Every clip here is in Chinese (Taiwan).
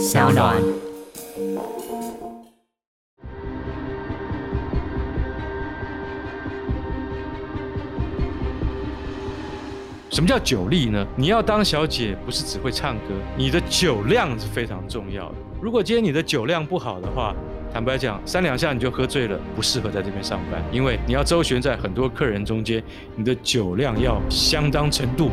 SoundOn。小暖，什麼叫酒力呢？你要當小姐，不是只會唱歌，你的酒量是非常重要的。如果今天你的酒量不好的話，坦白講，三兩下你就喝醉了，不適合在這邊上班。因為你要周旋在很多客人中間，你的酒量要相當程度。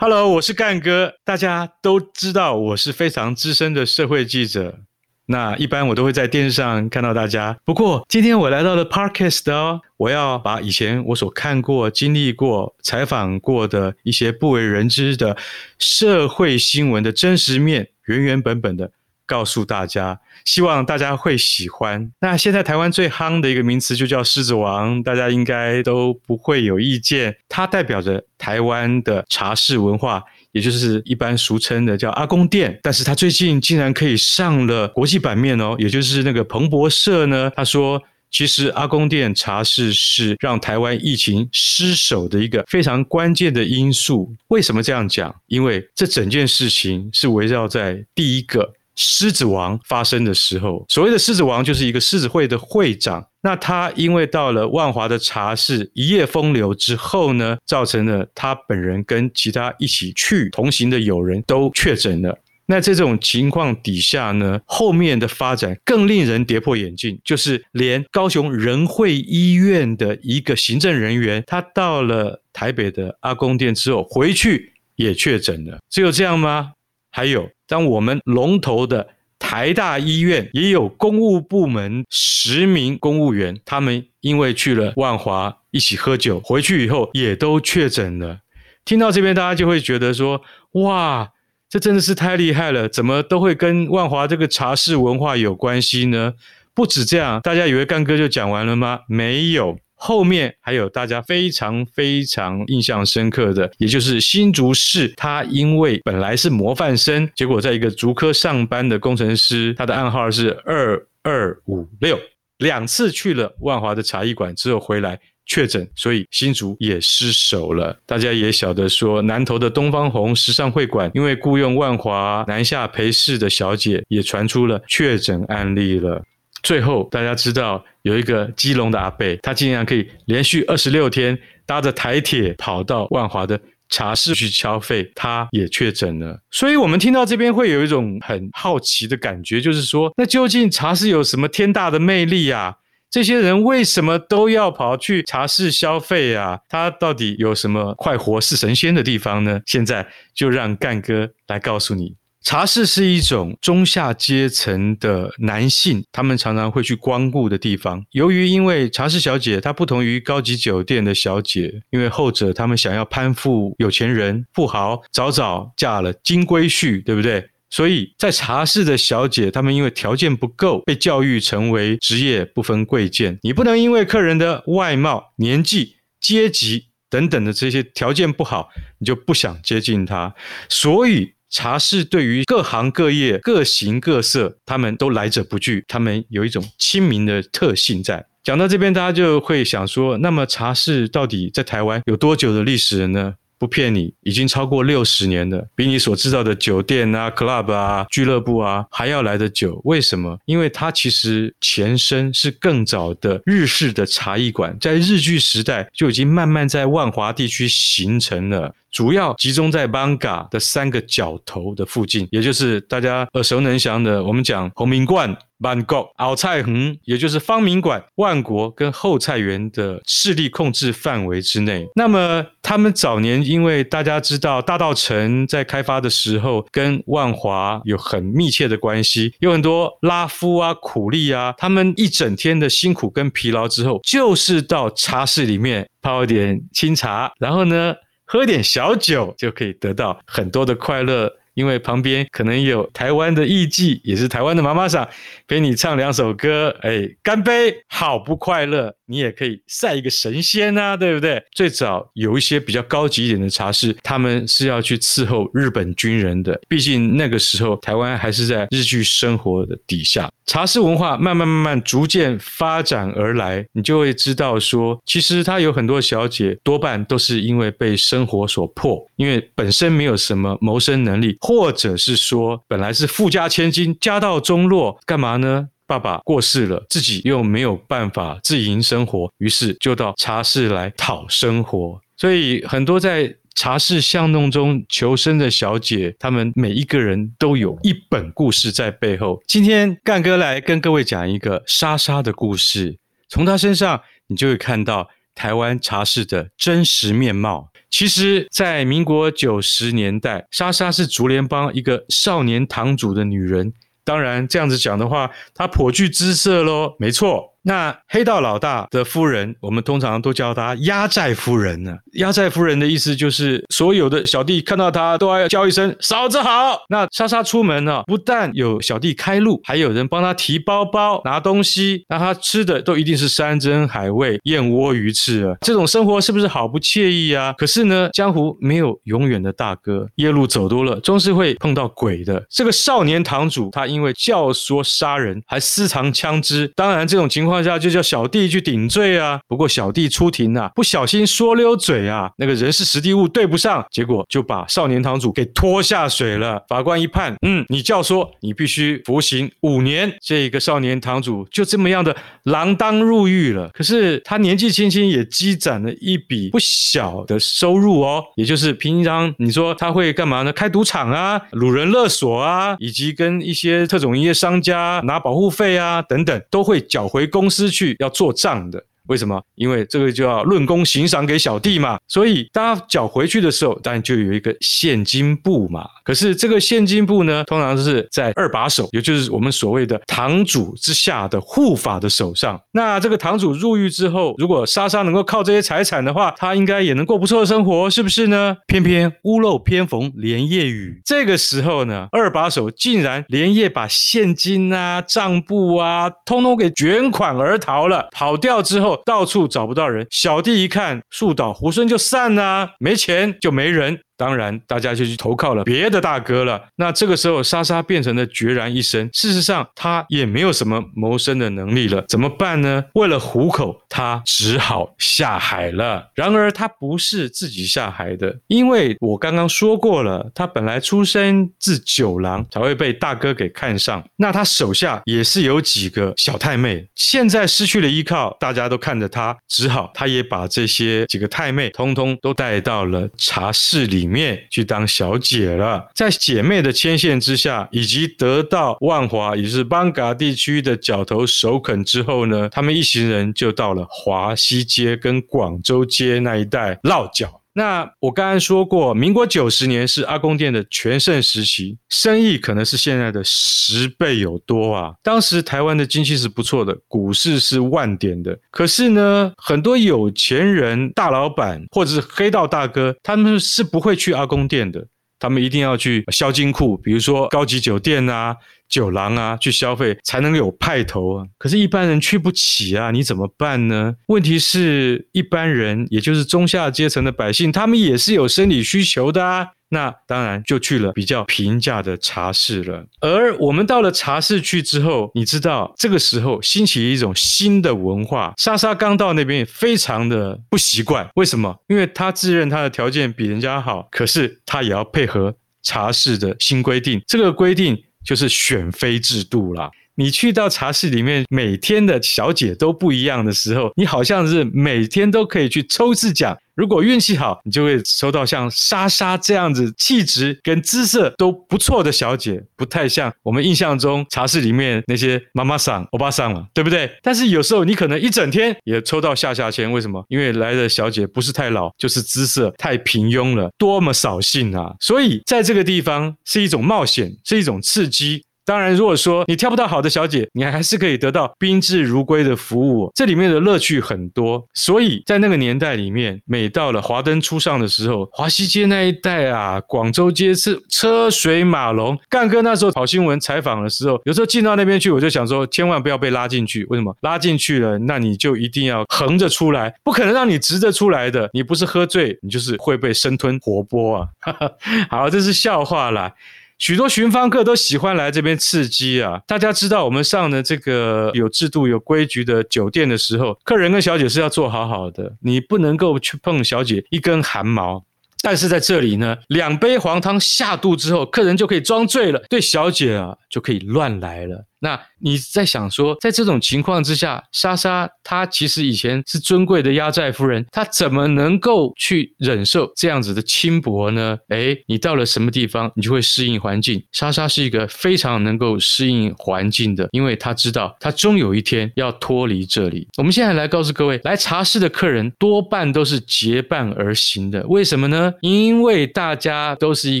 Hello，我是干哥，大家都知道我是非常資深的社會記者。那一般我都會在電視上看到大家，不過今天我來到了 Podcast、哦、我要把以前我所看過、經歷過、採訪過的一些不為人知的社會新聞的真實面，原原本本的。告訴大家，希望大家會喜歡。那現在台灣最夯的一個名詞就叫“獅子王”，大家應該都不會有意見。它代表着台灣的茶室文化，也就是一般俗稱的叫“阿公店”。但是它最近竟然可以上了國際版面哦，也就是那個彭博社呢，他說：“其實阿公店茶室是讓台灣疫情失守的一個非常關鍵的因素。”為什麼這樣講？因為這整件事情是圍繞在第一個。獅子王發生的時候，所謂的獅子王就是一個獅子會的會長。那他因為到了萬華的茶室一夜風流之後呢，造成了他本人跟其他一起去同行的友人都確診了。那在這種情況底下呢，後面的發展更令人跌破眼鏡，就是連高雄仁惠醫院的一個行政人員，他到了台北的阿公店之後回去也確診了。只有這樣嗎？還有。當我們龍頭的台大醫院也有公務部門十名公務員，他們因為去了萬華一起喝酒，回去以後也都確診了。聽到這邊，大家就會覺得說：哇，這真的是太厲害了！怎麼都會跟萬華這個茶室文化有關係呢？不止這樣，大家以為幹哥就講完了嗎？沒有。後面還有大家非常非常印象深刻的，也就是新竹市，他因為本來是模範生，結果在一個竹科上班的工程師，他的暗號是二二五六，兩次去了萬華的茶藝館之後回來確診，所以新竹也失守了。大家也曉得說，南投的東方紅時尚會館，因為僱傭萬華南下陪侍的小姐，也傳出了確診案例了。最後，大家知道有一個基隆的阿伯，他竟然可以連續二十六天搭着台鐵跑到萬華的茶室去消費，他也確診了。所以，我們聽到這邊會有一種很好奇的感覺，就是說，那究竟茶室有什麼天大的魅力啊？這些人為什麼都要跑去茶室消費啊？他到底有什麼快活似神仙的地方呢？現在就讓幹哥來告訴你。茶室是一種中下階層的男性，他們常常會去光顧的地方。由於因為茶室小姐，她不同於高級酒店的小姐，因為後者他們想要攀附有錢人、富豪，早早嫁了金龜婿，對不對？所以，在茶室的小姐，他們因為條件不夠，被教育成為職業不分貴賤，你不能因為客人的外貌、年紀、階級等等的這些條件不好，你就不想接近他，所以。茶室對於各行各業、各形各色，他們都來者不拒，他們有一種親民的特性在。講到這邊，大家就會想說，那麼茶室到底在台灣有多久的歷史呢？不騙你，已經超過六十年了，比你所知道的酒店啊、club 啊、俱樂部啊還要來得久。為什麼？因為它其實前身是更早的日式的茶藝館，在日據時代就已經慢慢在萬華地區形成了，主要集中在 Bangka 的三個角頭的附近，也就是大家耳熟能詳的，我們講紅明觀。萬國、奧菜恆，也就是芳明館、萬國跟後菜園的勢力控制範圍之內。那麼，他們早年因為大家知道大稻埕在開發的時候，跟萬華有很密切的關係，有很多拉夫啊、苦力啊，他們一整天的辛苦跟疲勞之後，就是到茶室裡面泡一點清茶，然後呢喝點小酒，就可以得到很多的快樂。因為旁邊可能有台灣的藝妓，也是台灣的媽媽桑，陪你唱兩首歌，哎，乾杯，好不快樂。你也可以賽一個神仙吶、啊，對不對？最早有一些比較高級一點的茶室，他們是要去伺候日本軍人的，畢竟那個時候台灣還是在日據生活的底下。茶室文化慢慢慢慢逐漸發展而來，你就會知道說，其實它有很多小姐，多半都是因為被生活所迫，因為本身沒有什麼謀生能力，或者是說本來是富家千金，家道中落，幹嘛呢？爸爸過世了，自己又沒有辦法自營生活，於是就到茶室來討生活。所以很多在。茶室巷弄中求生的小姐，她們每一個人都有一本故事在背後。今天幹哥來跟各位講一個莎莎的故事，從她身上你就會看到台灣茶室的真實面貌。其實，在民國九十年代，莎莎是竹聯幫一個少年堂主的女人。當然，這樣子講的話，她頗具姿色嘍，沒錯。那黑道老大的夫人，我們通常都叫他壓寨夫人呢、啊。壓寨夫人的意思就是，所有的小弟看到他都要叫一聲嫂子好。那莎莎出門呢、啊，不但有小弟開路，還有人幫她提包包、拿東西，那她吃的都一定是山珍海味、燕窩魚翅啊。這種生活是不是好不愜意啊？可是呢，江湖沒有永遠的大哥，夜路走多了終是會碰到鬼的。這個少年堂主，他因為教唆殺人，還私藏槍支，當然這種情況。就叫小弟去頂罪啊！不過小弟出庭啊，不小心說溜嘴啊，那個人事時地物對不上，結果就把少年堂主給拖下水了。法官一判，嗯，你教唆，你必須服刑五年。這個少年堂主就這麼樣的鋃鐺入獄了。可是他年紀輕輕也積攢了一筆不小的收入哦，也就是平常你說他會幹嘛呢？開賭場啊，擄人勒索啊，以及跟一些特種營業商家拿保護費啊等等，都會繳回公司。公司去要做賬的。為什麼？因為這個就要論功行賞給小弟嘛，所以當繳回去的時候，當然就有一個現金簿嘛。可是這個現金簿呢，通常是在二把手，也就是我們所謂的堂主之下的護法的手上。那這個堂主入獄之後，如果莎莎能夠靠這些財產的話，他應該也能過不錯的生活，是不是呢？偏偏屋漏偏逢連夜雨，這個時候呢，二把手竟然連夜把現金啊、賬簿啊，通通給卷款而逃了，跑掉之後。到處找不到人，小弟一看樹倒猢猻就散了啊，沒錢就沒人。當然，大家就去投靠了別的大哥了。那這個時候，莎莎變成了孑然一身。事實上，他也沒有什麼謀生的能力了，怎麼辦呢？為了糊口，他只好下海了。然而，他不是自己下海的，因為我剛剛說過了，他本來出身自酒廊，才會被大哥給看上。那他手下也是有幾個小太妹。現在失去了依靠，大家都看着他，只好他也把這些幾個太妹通通都帶到了茶室裡。裡面去當小姐了，在姐妹的牽線之下，以及得到萬華也是艋舺地區的角頭首肯之後呢，他們一行人就到了華西街跟廣州街那一帶落腳。那我剛剛說過，民國九十年是阿公店的全盛時期，生意可能是現在的十倍有多啊。當時台灣的經濟是不錯的，股市是萬點的，可是呢，很多有錢人、大老板或者是黑道大哥，他們是不會去阿公店的。他們一定要去銷金窟，比如說高級酒店啊、酒廊啊去消費才能有派頭啊。可是，一般人去不起啊，你怎麼辦呢？問題是，一般人，也就是中下階層的百姓，他們也是有生理需求的啊。那當然就去了比較平價的茶室了。而我們到了茶室去之後，你知道這個時候興起了一種新的文化。莎莎剛到那邊，非常的不習慣。為什麼？因為她自認她的條件比人家好，可是她也要配合茶室的新規定。這個規定就是選妃制度啦。你去到茶室裡面，每天的小姐都不一樣的時候，你好像是每天都可以去抽次獎。如果運氣好，你就會抽到像莎莎這樣子氣質跟姿色都不錯的小姐，不太像我們印象中茶室裡面那些媽媽桑、歐巴桑了，對不對？但是有時候你可能一整天也抽到下下籤，為什麼？因為來的小姐不是太老，就是姿色太平庸了，多麼掃興啊！所以在這個地方是一種冒險，是一種刺激。當然，如果說你挑不到好的小姐，你還是可以得到賓至如歸的服務。這裡面的樂趣很多，所以在那個年代裡面，每到了華燈初上的時候，華西街那一帶啊，廣州街是車水馬龍。干哥那時候跑新聞採訪的時候，有時候進到那邊去，我就想說，千萬不要被拉進去。為什麼？拉進去了，那你就一定要橫着出來，不可能讓你直着出來的。你不是喝醉，你就是會被生吞活剝啊！ 好，這是笑話啦。許多尋芳客都喜歡來這邊刺激啊！大家知道，我們上的這個有制度、有規矩的酒店的時候，客人跟小姐是要做好好的，你不能夠去碰小姐一根汗毛。但是在這裡呢，兩杯黃湯下肚之後，客人就可以裝醉了，對小姐。啊。就可以亂來了。那你在想說，在這種情況之下，莎莎她其實以前是尊貴的壓寨夫人，她怎麼能夠去忍受這樣子的輕薄呢？誒，你到了什麼地方，你就會適應環境。莎莎是一個非常能夠適應環境的，因為她知道她終有一天要脫離這裡。我們現在來告訴各位，來茶室的客人多半都是結伴而行的。為什麼呢？因為大家都是一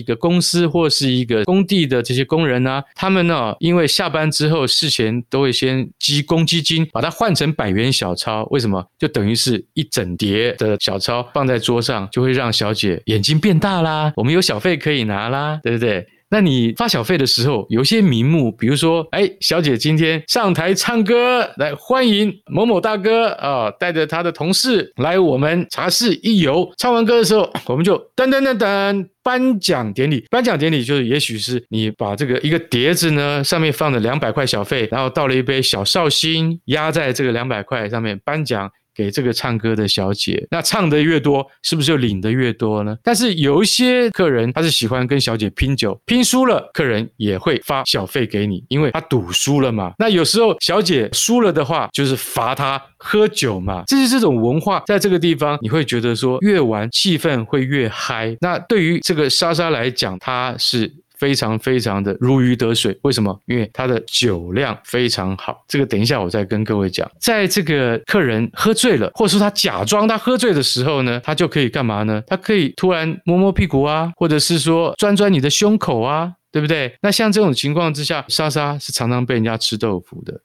個公司或是一個工地的這些工人啊，他們。那因為下班之後，事前都會先積公基金，把它換成百元小鈔。為什麼？就等於是一整疊的小鈔放在桌上，就會讓小姐眼睛變大啦。我們有小費可以拿啦，對不對？那你發小費的時候，有些名目，比如說，哎，小姐今天上台唱歌，來歡迎某某大哥啊、呃，帶着他的同事來我們茶室一遊。唱完歌的時候，我們就噔噔噔噔頒獎典禮。頒獎典禮就是，也許是你把這個一個碟子呢，上面放着兩百塊小費，然後倒了一杯小紹興，壓在這個兩百塊上面頒獎。給這個唱歌的小姐，那唱得越多，是不是就領得越多呢？但是有一些客人他是喜歡跟小姐拼酒，拼輸了，客人也會發小費給你，因為他賭輸了嘛。那有時候小姐輸了的話，就是罰她喝酒嘛，這些這種文化，在這個地方你會覺得說越玩氣氛會越嗨。那對於這個莎莎來講，她是。非常非常的如魚得水，為什麼？因為他的酒量非常好。這個等一下我再跟各位講。在這個客人喝醉了，或者說他假裝他喝醉的時候呢，他就可以幹嘛呢？他可以突然摸摸屁股啊，或者是說鑽鑽你的胸口啊，對不對？那像這種情況之下，莎莎是常常被人家吃豆腐的。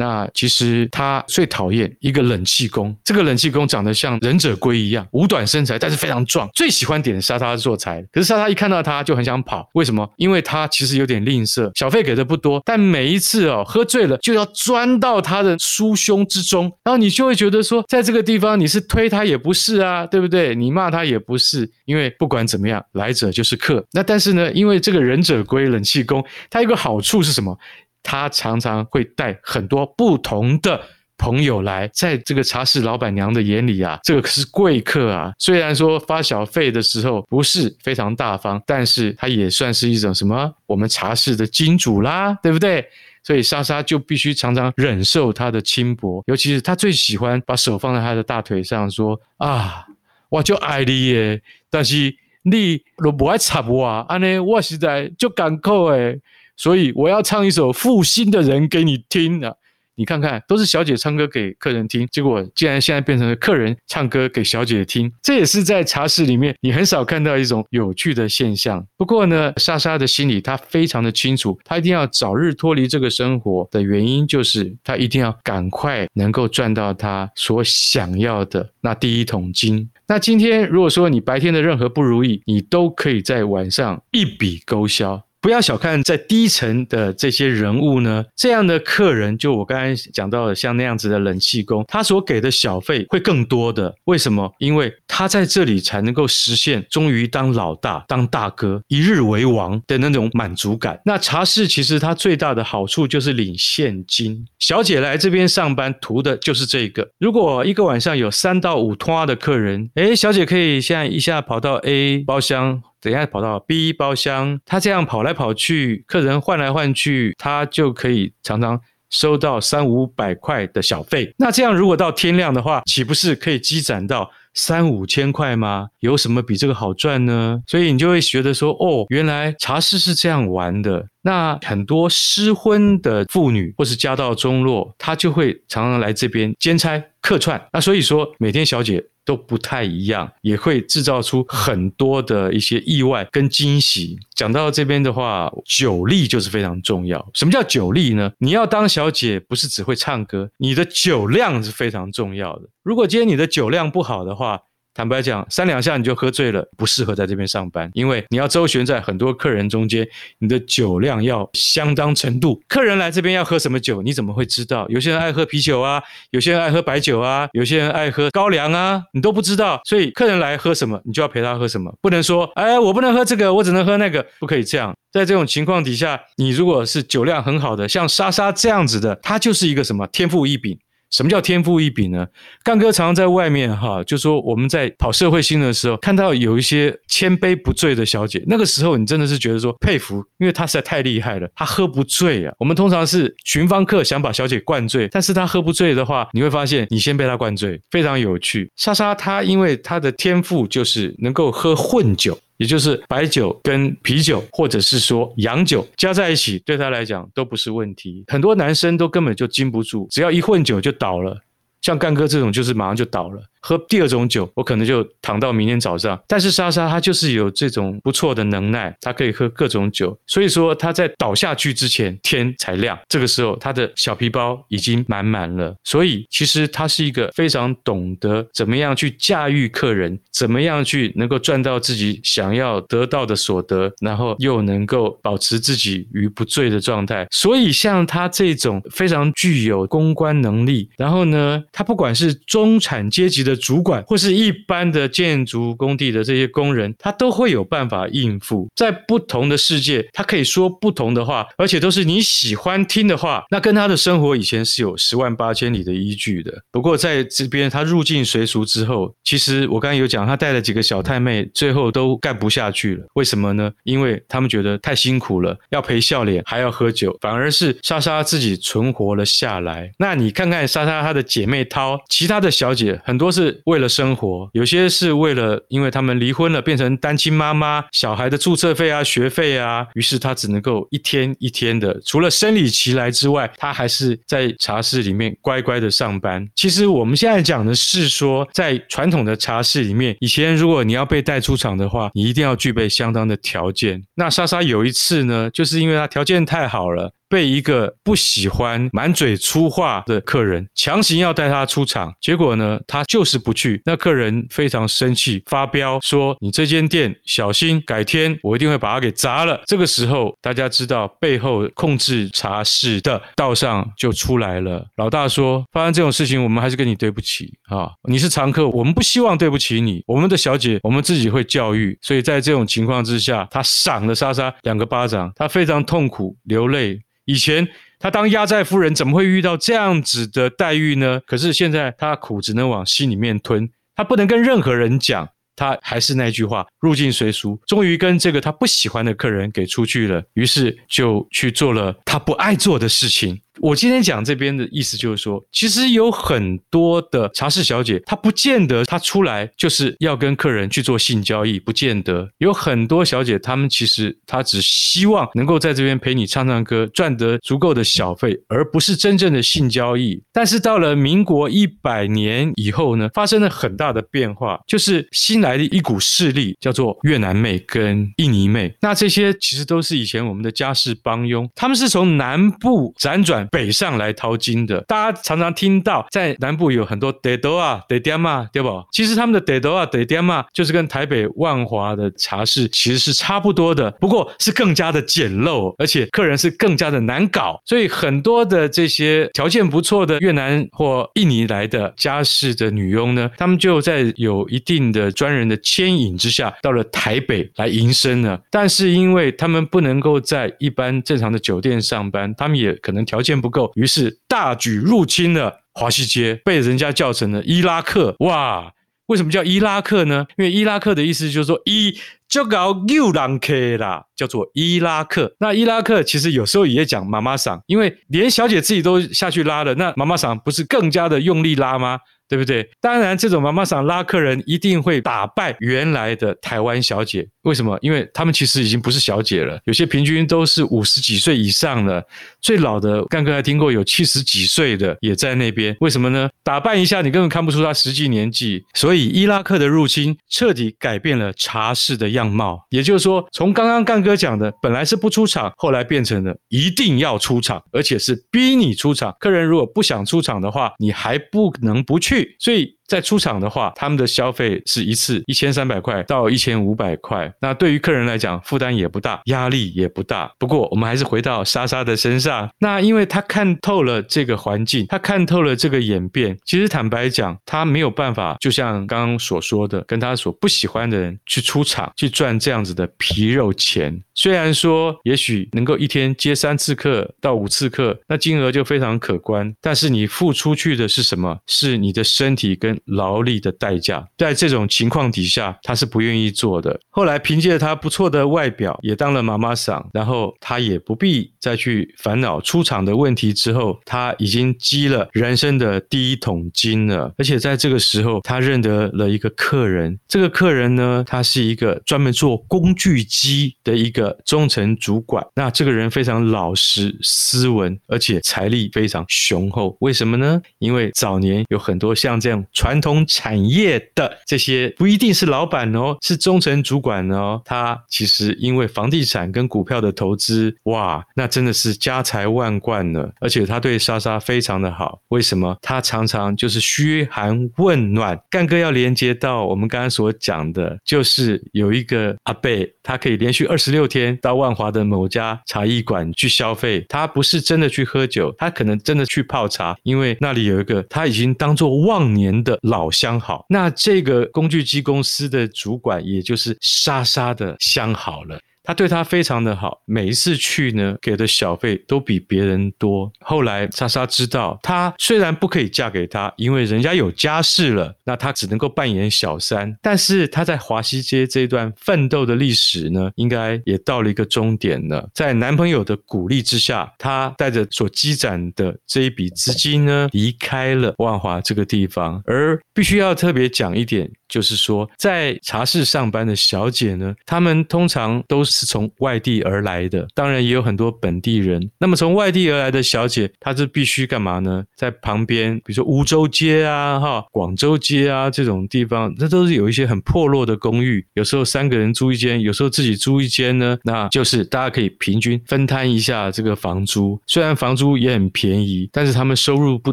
那其實他最討厭一個冷氣工。這個冷氣工長得像忍者龜一樣，五短身材，但是非常壯，最喜歡點莎莎做菜。可是莎莎一看到他就很想跑，為什麼？因為他其實有點吝嗇，小費給的不多，但每一次哦喝醉了就要鑽到他的酥胸之中，然後你就會覺得說，在這個地方你是推他也不是啊，對不對？你罵他也不是，因為不管怎麼樣，來者就是客。那但是呢，因為這個忍者龜冷氣工，它有一個好處是什麼？他常常會帶很多不同的朋友來，在這個茶室老板娘的眼裡啊，這個可是貴客啊。雖然說發小費的時候不是非常大方，但是他也算是一種什麼我們茶室的金主啦，對不對？所以莎莎就必須常常忍受他的輕薄，尤其是他最喜歡把手放在他的大腿上說，說啊，我就愛你耶。但是你若不愛插、啊、我，安尼我現在就感尬誒。所以我要唱一首《負心的人》給你聽啊！你看看，都是小姐唱歌給客人聽，結果竟然現在變成了客人唱歌給小姐聽，這也是在茶室裡面你很少看到一種有趣的現象。不過呢，莎莎的心裡她非常的清楚，她一定要早日脫離這個生活的原因，就是她一定要趕快能夠賺到她所想要的那第一桶金。那今天如果說你白天的任何不如意，你都可以在晚上一筆勾銷。不要小看在低層的這些人物呢，這樣的客人，就我剛才講到的，像那樣子的冷氣工，他所給的小費會更多的。為什麼？因為他在這裡才能夠實現終於當老大、當大哥、一日為王的那種滿足感。那茶室其實它最大的好處就是領現金，小姐來這邊上班圖的就是這個。如果一個晚上有三到五托的客人，哎，小姐可以現在一下跑到 A 包廂。等一下跑到 B 包廂，他這樣跑來跑去，客人換來換去，他就可以常常收到三五百塊的小費。那這樣如果到天亮的話，豈不是可以積攢到三五千塊嗎？有什麼比這個好賺呢？所以你就會覺得說，哦，原來茶室是這樣玩的。那很多失婚的婦女，或是家道中落，她就會常常來這邊兼差客串。那所以說，每天小姐都不太一樣，也會製造出很多的一些意外跟驚喜。講到這邊的話，酒力就是非常重要。什麼叫酒力呢？你要當小姐，不是只會唱歌，你的酒量是非常重要的。如果今天你的酒量不好的話，坦白講，三兩下你就喝醉了，不適合在這邊上班。因為你要周旋在很多客人中間，你的酒量要相當程度。客人來這邊要喝什麼酒，你怎麼會知道？有些人愛喝啤酒啊，有些人愛喝白酒啊，有些人愛喝高粱啊，你都不知道。所以客人來喝什麼，你就要陪他喝什麼，不能說哎，我不能喝這個，我只能喝那個，不可以這樣。在這種情況底下，你如果是酒量很好的，像莎莎這樣子的，她就是一個什麼？天賦異稟。什麼叫天賦異稟呢？幹哥常常在外面哈，就說我們在跑社會新聞的時候，看到有一些千杯不醉的小姐，那個時候你真的是覺得說佩服，因為她實在太厲害了，她喝不醉啊。我們通常是尋芳客想把小姐灌醉，但是她喝不醉的話，你會發現你先被她灌醉，非常有趣。莎莎她因為她的天賦就是能夠喝混酒。也就是白酒跟啤酒，或者是說洋酒加在一起，對他來講都不是問題。很多男生都根本就禁不住，只要一混酒就倒了。像幹哥這種，就是馬上就倒了。喝第二種酒，我可能就躺到明天早上。但是莎莎她就是有這種不錯的能耐，她可以喝各種酒。所以說她在倒下去之前，天才亮。這個時候，她的小皮包已經滿滿了。所以其實她是一個非常懂得怎麼樣去駕馭客人，怎麼樣去能夠賺到自己想要得到的所得，然後又能夠保持自己於不醉的狀態。所以像她這種非常具有公關能力，然後呢，她不管是中產階級的。的主管或是一般的建築工地的這些工人，他都會有辦法應付。在不同的世界，他可以說不同的話，而且都是你喜歡聽的話。那跟他的生活以前是有十萬八千里的依據的。不過在這邊，他入境隨俗之後，其實我剛剛有講，他帶了幾個小太妹，最後都幹不下去了。為什麼呢？因為他們覺得太辛苦了，要陪笑臉還要喝酒，反而是莎莎自己存活了下來。那你看看莎莎她的姐妹淘，其他的小姐很多是。是為了生活，有些是為了，因為他們離婚了，變成單親媽媽，小孩的註冊費啊、學費啊，於是她只能夠一天一天的，除了生理期來之外，她還是在茶室裡面乖乖的上班。其實我們現在講的是說，在傳統的茶室裡面，以前如果你要被帶出場的話，你一定要具備相當的條件。那莎莎有一次呢，就是因為她條件太好了。被一個不喜歡滿嘴粗話的客人強行要帶他出場，結果呢，他就是不去。那客人非常生氣，發飆說：“你這間店小心，改天我一定會把它給砸了。”這個時候，大家知道背後控制茶室的道上就出來了。老大說：“發生這種事情，我們還是跟你對不起啊、哦，你是常客，我們不希望對不起你。我們的小姐，我們自己會教育。”所以在這種情況之下，他賞了莎莎兩個巴掌，他非常痛苦，流淚。以前他當壓寨夫人，怎麼會遇到這樣子的待遇呢？可是現在他苦只能往心裡面吞，他不能跟任何人講。他還是那句話，入境隨俗。終於跟這個他不喜歡的客人給出去了，於是就去做了他不愛做的事情。我今天講這邊的意思就是說，其實有很多的茶室小姐，她不見得她出來就是要跟客人去做性交易，不見得，有很多小姐，她們其實她只希望能夠在這邊陪你唱唱歌，賺得足夠的小費，而不是真正的性交易。但是到了民國一百年以後呢，發生了很大的變化，就是新來的一股勢力叫做越南妹跟印尼妹，那這些其實都是以前我們的家事幫傭，她們是從南部輾轉。北上來淘金的，大家常常聽到在南部有很多德多啊、德爹嘛，對吧？其實他們的德多啊、德爹嘛，就是跟台北萬華的茶室其實是差不多的，不過是更加的簡陋，而且客人是更加的難搞。所以很多的這些條件不錯的越南或印尼來的家事的女傭呢，他們就在有一定的專人的牽引之下，到了台北來營生了。但是因為他們不能夠在一般正常的酒店上班，他們也可能條件。不夠，於是大舉入侵了華西街，被人家叫成了伊拉克。哇，為什麼叫伊拉克呢？因為伊拉克的意思就是說伊就搞又狼狽啦，叫做伊拉克。那伊拉克其實有時候也講媽媽桑，因為連小姐自己都下去拉了，那媽媽桑不是更加的用力拉嗎？對不對？當然，這種媽媽桑拉客人一定會打敗原來的台灣小姐。為什麼？因為他們其實已經不是小姐了，有些平均都是五十幾歲以上的，最老的幹哥還聽過有七十幾歲的也在那邊。為什麼呢？打扮一下，你根本看不出他實際年紀。所以伊拉克的入侵徹底改變了茶室的樣貌。也就是說，從剛剛幹哥講的，本來是不出場，後來變成了一定要出場，而且是逼你出場。客人如果不想出場的話，你還不能不去。所以。在出場的話，他們的消費是一次一千三百塊到一千五百塊。那對於客人來講，負擔也不大，壓力也不大。不過，我們還是回到莎莎的身上。那因為他看透了這個環境，他看透了這個演變。其實坦白講，他沒有辦法，就像剛剛所說的，跟他所不喜歡的人去出場，去賺這樣子的皮肉錢。雖然說，也許能夠一天接三次客到五次客，那金額就非常可觀。但是你付出去的是什麼？是你的身體跟勞力的代價，在這種情況底下，他是不願意做的。後來憑借他不錯的外表，也當了媽媽桑。然後他也不必再去煩惱出場的問題。之後他已經積了人生的第一桶金了。而且在這個時候，他認得了一個客人。這個客人呢，他是一個專門做工具機的一個中層主管。那這個人非常老實、斯文，而且財力非常雄厚。為什麼呢？因為早年有很多像這樣穿。傳統產業的這些不一定是老闆哦，是中層主管哦。他其實因為房地產跟股票的投資，哇，那真的是家財萬貫呢。而且他對莎莎非常的好，為什麼？他常常就是噓寒問暖。幹哥要連接到我們剛剛所講的，就是有一個阿伯，他可以連續二十六天到萬華的某家茶藝館去消費。他不是真的去喝酒，他可能真的去泡茶，因為那裡有一個他已經當做忘年的。老相好，那這個工具機公司的主管，也就是莎莎的相好了。他對他非常的好，每一次去呢，給的小費都比別人多。後來莎莎知道，她雖然不可以嫁給他，因為人家有家室了，那她只能夠扮演小三。但是她在華西街這一段奮鬥的歷史呢，應該也到了一個終點了。在男朋友的鼓勵之下，她帶着所積攢的這一筆資金呢，離開了萬華這個地方。而必須要特別講一點，就是說，在茶室上班的小姐呢，她們通常都是。是從外地而來的，當然也有很多本地人。那麼從外地而來的小姐，她是必須幹嘛呢？在旁邊，比如說梧州街啊、哈、哦、廣州街啊這種地方，這都是有一些很破落的公寓。有時候三個人租一間，有時候自己租一間呢，那就是大家可以平均分攤一下這個房租。雖然房租也很便宜，但是他們收入不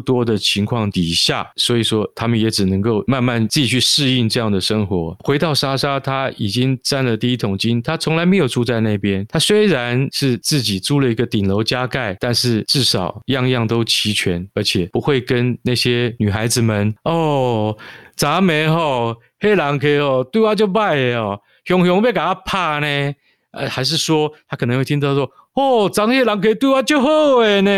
多的情況底下，所以說他們也只能夠慢慢自己去適應這樣的生活。回到莎莎，她已經佔了第一桶金，她從來沒有。住在那邊，他雖然是自己租了一個頂樓加蓋，但是至少樣樣都齊全，而且不會跟那些女孩子們哦，咱們吼黑人可以哦對我就壞哦，熊熊被給他怕呢？呃，還是說他可能會聽到說哦，長黑人可以對我就好哎呢？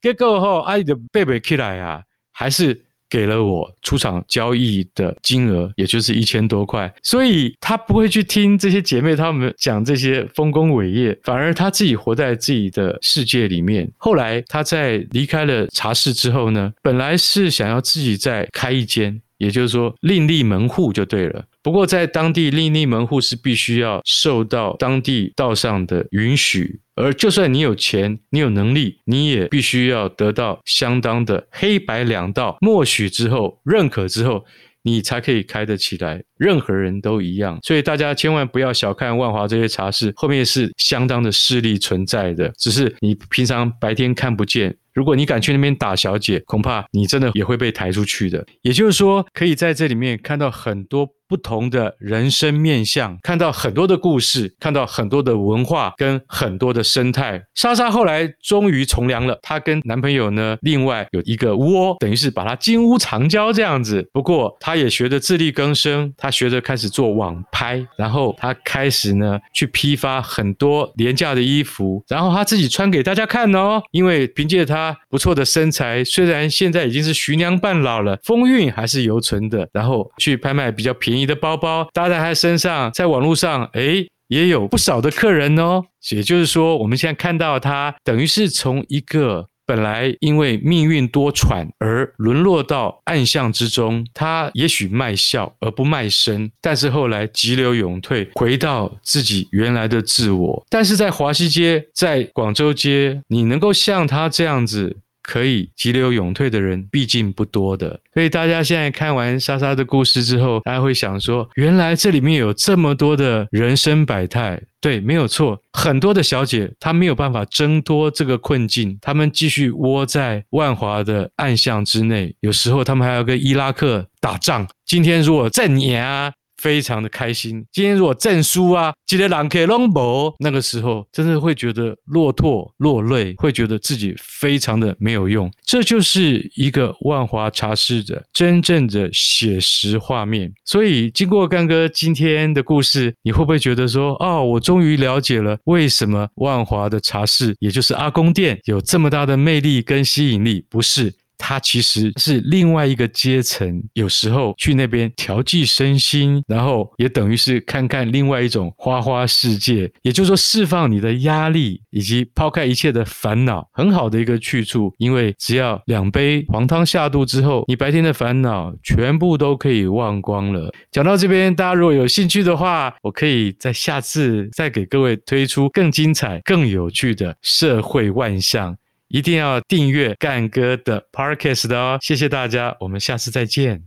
結果吼、哦，哎、啊、就背不起來啊，還是？給了我出場交易的金額，也就是一千多塊，所以他不會去聽這些姐妹她們講這些豐功偉業，反而他自己活在自己的世界裡面。後來他在離開了茶室之後呢，本來是想要自己再開一間，也就是說另立門戶就對了。不過在當地，另立門戶是必須要受到當地道上的允許。而就算你有錢，你有能力，你也必須要得到相當的黑白兩道默許之後、認可之後，你才可以開得起來。任何人都一樣，所以大家千萬不要小看萬華這些茶室，後面是相當的勢力存在的，只是你平常白天看不見。如果你敢去那邊打小姐，恐怕你真的也會被抬出去的。也就是說，可以在這裡面看到很多不同的人生面相，看到很多的故事，看到很多的文化跟很多的生態。莎莎後來終於從良了，她跟男朋友呢，另外有一個窩，等於是把她金屋藏嬌這樣子。不過她也學着自力更生，她學着開始做網拍，然後她開始呢去批發很多廉價的衣服，然後她自己穿給大家看哦，因為憑借她。不錯的身材，雖然現在已經是徐娘半老了，風韻還是猶存的。然後去拍賣比較便宜的包包，搭在她身上，在網絡上，哎，也有不少的客人哦。也就是說，我們現在看到她，等於是從一個。本來因為命運多舛而淪落到暗巷之中，他也許賣笑而不賣身，但是後來急流勇退，回到自己原來的自我。但是在華西街，在廣州街，你能夠像他這樣子。可以急流勇退的人畢竟不多的，所以大家現在看完莎莎的故事之後，大家會想說，原來這裡面有這麼多的人生百態，對，沒有錯，很多的小姐她沒有辦法掙脫這個困境，她們繼續窩在萬華的暗巷之內，有時候她們還要跟伊拉克打仗。今天如果再你啊。非常的開心。今天如果證書啊，今天可以龍博，那個時候真的會覺得落拓落淚，會覺得自己非常的沒有用。這就是一個萬華茶室的真正的寫實畫面。所以經過幹哥今天的故事，你會不會覺得說，哦，我終於了解了為什麼萬華的茶室，也就是阿公店有這麼大的魅力跟吸引力，不是？它其實是另外一個階層，有時候去那邊調劑身心，然後也等於是看看另外一種花花世界，也就是說釋放你的壓力，以及拋開一切的煩惱，很好的一個去處。因為只要兩杯黃湯下肚之後，你白天的煩惱全部都可以忘光了。講到這邊，大家如果有興趣的話，我可以在下次再給各位推出更精彩、更有趣的社會萬象。一定要訂閱幹哥的 Podcast 的哦！謝謝大家，我們下次再見。